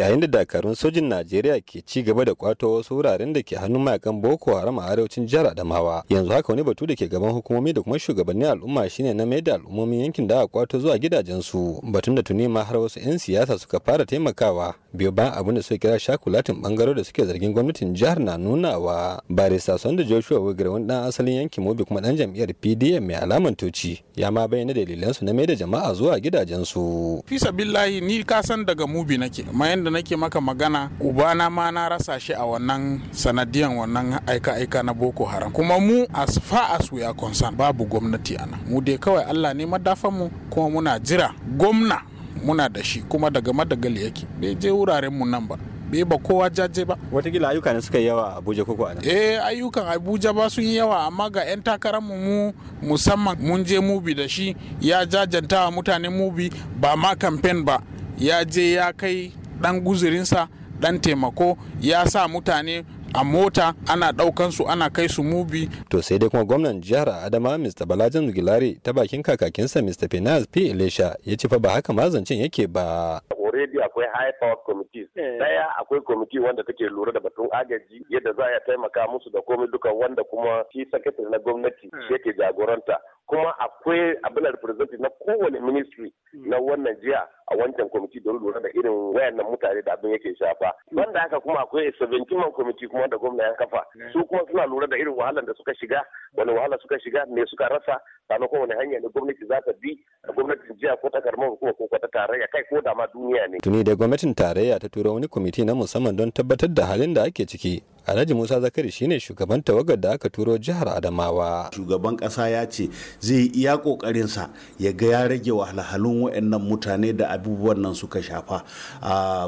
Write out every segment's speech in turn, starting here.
yayin da dakarun sojin najeriya ke ci gaba da kwato wasu wuraren da ke hannun mayakan boko haram a arewacin jihar adamawa yanzu haka wani batu da ke gaban hukumomi da kuma shugabannin al'umma shine na mai da al'ummomin yankin da aka kwato zuwa gidajensu batun da tuni ma har wasu 'yan siyasa suka fara taimakawa biyo bayan abin da suka kira shakulatin bangaro da suke zargin gwamnatin jihar na nunawa barista da joshua wigar wani dan asalin yankin mobi kuma dan jam'iyyar pdm mai alaman toci ya ma bayyana dalilansu na mai da jama'a zuwa gidajensu fi sabillahi ni san daga mubi nake ma da nake maka magana ubana ma na rasa shi a wannan sanadiyan wannan aika-aika na boko haram kuma mu as far as we are concerned babu gwamnati ana mu dai kawai allah ne madafan mu kuma muna jira gwamna muna da shi kuma daga madagali yake bai je wuraren mu nan ba bai ba kowa jaje ba watakila ayyuka ne suka yi yawa abuja koko a eh ayyukan abuja ba sun yi yawa amma ga yan takarar mu mu musamman mun je mubi da shi ya jajanta wa mutane mubi ba ma kamfen ba ya je ya kai ɗan guzurinsa ɗan taimako ya sa mutane a mota ana ɗaukan su ana kai su mubi. To sai dai kuma gwamnan jihar Adama Mr. Balajan Gilari ta bakin kakakinsa Mr. Finaz P. Elisha ya ci fa ba haka mazancin yake ba. already akwai high power committees eh. daya akwai committee wanda take lura da batun agaji yadda za a taimaka musu da komai duka wanda kuma shi sakatare na gwamnati hmm. yake jagoranta kuma akwai abin representi na kowane ministry hmm. na wannan jiya a wancan kwamiti don lura da irin wayannan mutane da abin yake shafa hmm. banda haka kuma akwai 17 man kwamiti kuma da gwamna ya kafa hmm. su kuma suna lura da irin wahalar da suka shiga wani wahala suka shiga me suka rasa sannan kuma wani hanya ne gwamnati za ta bi gwamnatin jiya ko ta karamar hukuma ko ta tarayya kai ko da ma duniya ne tuni da gwamnatin tarayya ta tura wani kwamiti na musamman don tabbatar da halin da ake ciki Alhaji Musa Zakari shine shugaban tawagar da aka turo jihar Adamawa. Shugaban kasa ya ce zai yi iya kokarin sa ya ga ya rage wahalhalun waɗannan mutane da abubuwan nan suka shafa.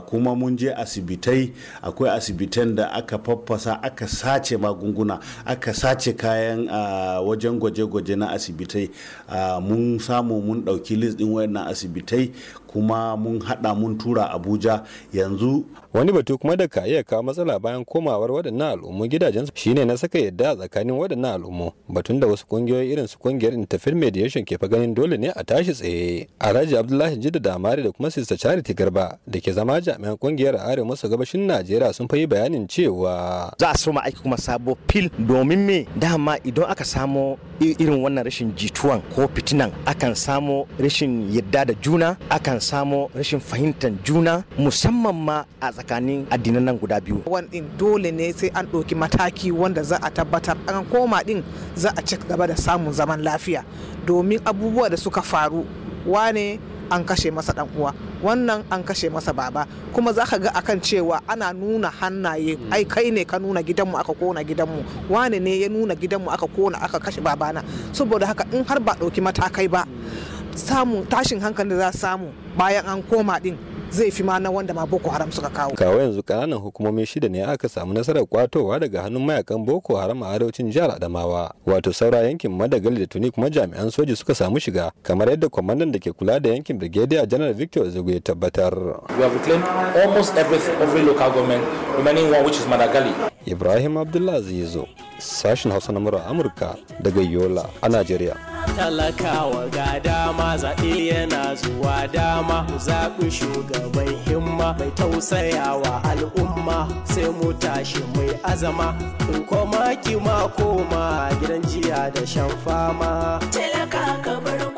kuma mun je asibitai akwai asibitan da aka faffasa aka sace magunguna aka sace kayan wajen gwaje-gwaje na asibitai mun samu mun ɗauki list ɗin waɗannan asibitai kuma mun haɗa mun tura Abuja yanzu. Wani batu kuma da ka iya kawo matsala bayan komawar waɗanda waɗannan al'ummu gidajensu shine na saka yadda a tsakanin waɗannan al'ummu batun da wasu kungiyoyi irin su kungiyar interfaith mediation ke fa ganin dole ne a tashi tsaye alhaji abdullahi jidda damari da kuma sista charity garba da ke zama jami'an kungiyar arewa maso gabashin najeriya sun fayi bayanin cewa za a soma aiki kuma sabo fil domin me dama idan aka samo irin wannan rashin jituwan ko fitinan akan samo rashin yadda da juna akan samo rashin fahimtar juna musamman ma a tsakanin addinan nan guda biyu. wani dole ne sai an ɗauki mataki wanda za a tabbatar an koma ɗin za a ci gaba da samun zaman lafiya domin abubuwa da suka faru wane an kashe masa ɗan uwa wannan an kashe masa baba kuma za ka ga akan cewa ana nuna hannaye mm. ai kai ne ka nuna gidanmu aka kona gidanmu wane ne ya nuna gidanmu aka kona aka kashe babana saboda haka in har ba ɗauki matakai ba samu tashin hankali za samu bayan an koma ɗin zai fi ma na wanda ma boko haram suka kawo kawo yanzu kananan hukumomi shida ne aka samu nasarar kwatowa daga hannun mayakan boko haram a arewacin jihar adamawa wato saura yankin madagali da tuni kuma jami'an soji suka samu shiga kamar yadda kwamandan da ke kula da yankin brigadier general victor ya tabbatar almost every, ibrahim abdullah zizo sashin hausa na amurka daga yola a nigeria. talakawa ga dama zaɓe yana zuwa dama zaɓi shugaban himma mai tausayawa al'umma sai mu tashi mai azama in koma kima koma gidan jiya da shan fama talaka ka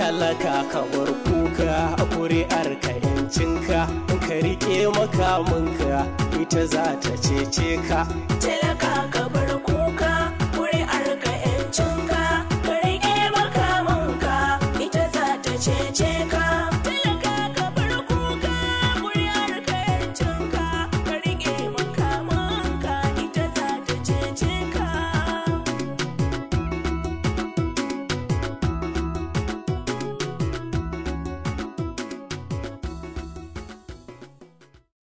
talaka ka bar kuka kuri'ar ka in ka rike makaminka ita za ta cece ka talaka ka bar kuka kuri'ar ka yancinka ka rike ita za ta cece ka